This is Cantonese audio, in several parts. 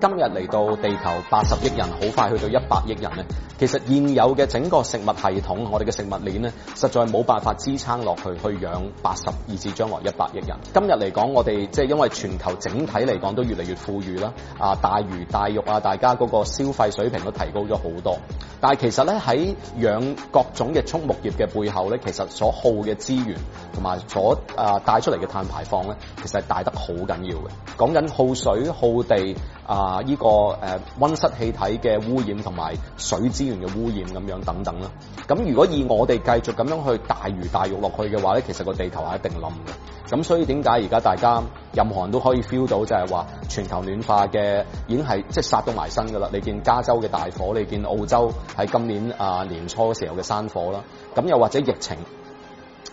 今日嚟到地球八十億人，好快去到一百億人咧。其實現有嘅整個食物系統，我哋嘅食物鏈咧，實在冇辦法支撐落去，去養八十，以致將來一百億人。今日嚟講，我哋即係因為全球整體嚟講都越嚟越富裕啦，啊大魚大肉啊，大家嗰個消費水平都提高咗好多。但係其實咧，喺養各種嘅畜牧業嘅背後咧，其實所耗嘅資源同埋所啊帶出嚟嘅碳排放咧，其實係大得好緊要嘅。講緊耗水、耗地。啊！依個誒，溫室氣體嘅污染同埋水資源嘅污染咁樣等等啦。咁如果以我哋繼續咁樣去大魚大肉落去嘅話咧，其實個地球係一定冧嘅。咁所以點解而家大家任何人都可以 feel 到就係話全球暖化嘅已經係即係殺到埋身㗎啦。你見加州嘅大火，你見澳洲喺今年啊、呃、年初時候嘅山火啦。咁又或者疫情。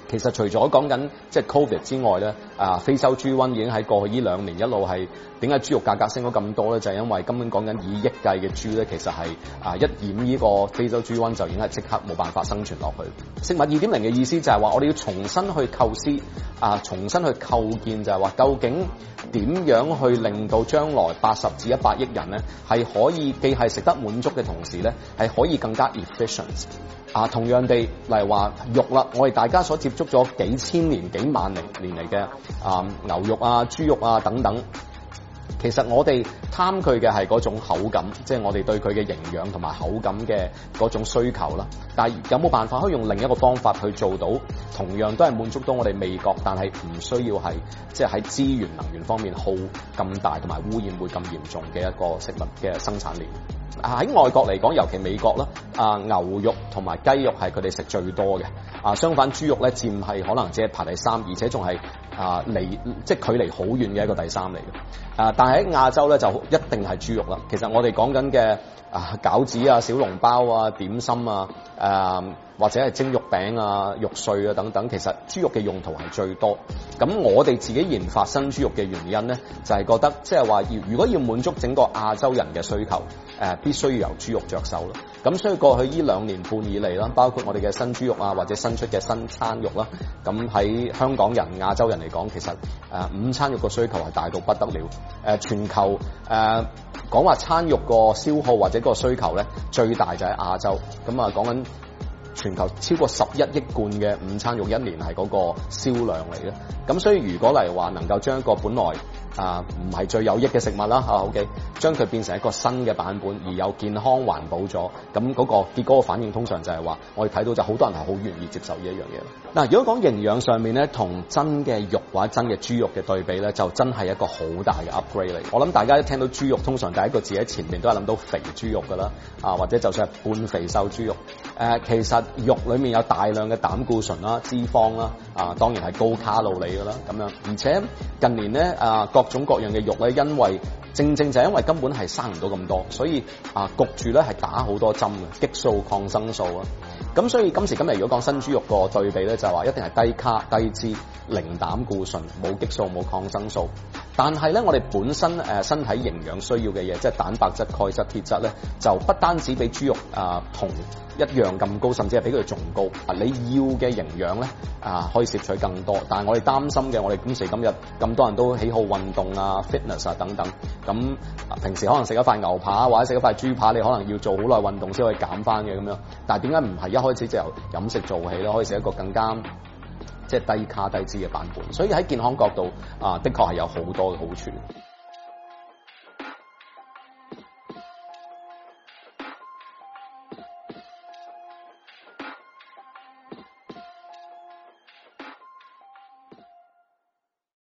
其實除咗講緊即係 Covid 之外咧，啊非洲豬瘟已經喺過去呢兩年一路係點解豬肉價格升咗咁多咧？就係因為根本講緊以億計嘅豬咧，其實係啊一染呢個非洲豬瘟就已經係即刻冇辦法生存落去。食物二點零嘅意思就係話我哋要重新去構思啊，重新去構建就係話究竟點樣去令到將來八十至一百億人咧係可以既係食得滿足嘅同時咧係可以更加 efficient 啊，同樣地例如話肉啦，我哋大家所接捉咗幾千年、幾萬年、年嚟嘅啊牛肉啊、豬肉啊等等。其實我哋貪佢嘅係嗰種口感，即係我哋對佢嘅營養同埋口感嘅嗰種需求啦。但係有冇辦法可以用另一個方法去做到，同樣都係滿足到我哋味覺，但係唔需要係即係喺資源能源方面耗咁大，同埋污染會咁嚴重嘅一個食物嘅生產鏈。喺外國嚟講，尤其美國啦，啊牛肉同埋雞肉係佢哋食最多嘅，啊相反豬肉咧佔係可能只係排第三，而且仲係。啊，離即係距離好遠嘅一個第三嚟嘅，啊，但係喺亞洲咧，就一定係豬肉啦。其實我哋講緊嘅啊，餃子啊、小籠包啊、點心啊，誒、啊。或者係蒸肉餅啊、肉碎啊等等，其實豬肉嘅用途係最多。咁我哋自己研發新豬肉嘅原因咧，就係、是、覺得即係話要如果要滿足整個亞洲人嘅需求，呃、必須要由豬肉著手咯。咁所以過去呢兩年半以嚟啦，包括我哋嘅新豬肉啊，或者新出嘅新餐肉啦、啊，咁喺香港人、亞洲人嚟講，其實誒、呃、午餐肉個需求係大到不得了。呃、全球誒講、呃、話餐肉個消耗或者嗰個需求咧，最大就係亞洲。咁啊講緊。全球超過十一億罐嘅午餐肉，一年係嗰個銷量嚟嘅。咁所以，如果嚟話，能夠將一個本來，啊，唔係最有益嘅食物啦，啊，OK，將佢變成一個新嘅版本，而有健康環保咗，咁嗰、嗰個結果嘅反應通常就係話，我哋睇到就好多人係好願意接受呢一樣嘢啦。嗱、啊，如果講營養上面咧，同真嘅肉或者真嘅豬肉嘅對比咧，就真係一個好大嘅 upgrade 嚟。我諗大家一聽到豬肉，通常第一個字喺前面都係諗到肥豬肉噶啦，啊，或者就算係半肥瘦豬肉、啊，其實肉裡面有大量嘅膽固醇啦、脂肪啦，啊，當然係高卡路里噶啦，咁、啊、樣。而且近年咧，啊，各種各樣嘅肉咧，因為。正正就係因為根本係生唔到咁多，所以啊焗住咧係打好多針嘅激素、抗生素啊。咁所以今時今日如果講新豬肉個對比咧，就係話一定係低卡、低脂、零膽固醇、冇激素、冇抗生素。但係咧，我哋本身、啊、身體營養需要嘅嘢，即係蛋白質、鈣質、鐵質咧，就不單止比豬肉啊同一樣咁高，甚至係比佢仲高。你要嘅營養咧啊，可以攝取更多。但係我哋擔心嘅，我哋今時今日咁多人都喜好運動啊、fitness 啊等等。咁平時可能食一塊牛扒或者食一塊豬扒，你可能要做好耐運動先可以減翻嘅咁樣。但係點解唔係一開始就由飲食做起咯？可以食一個更加即係、就是、低卡低脂嘅版本。所以喺健康角度啊，的確係有好多嘅好處。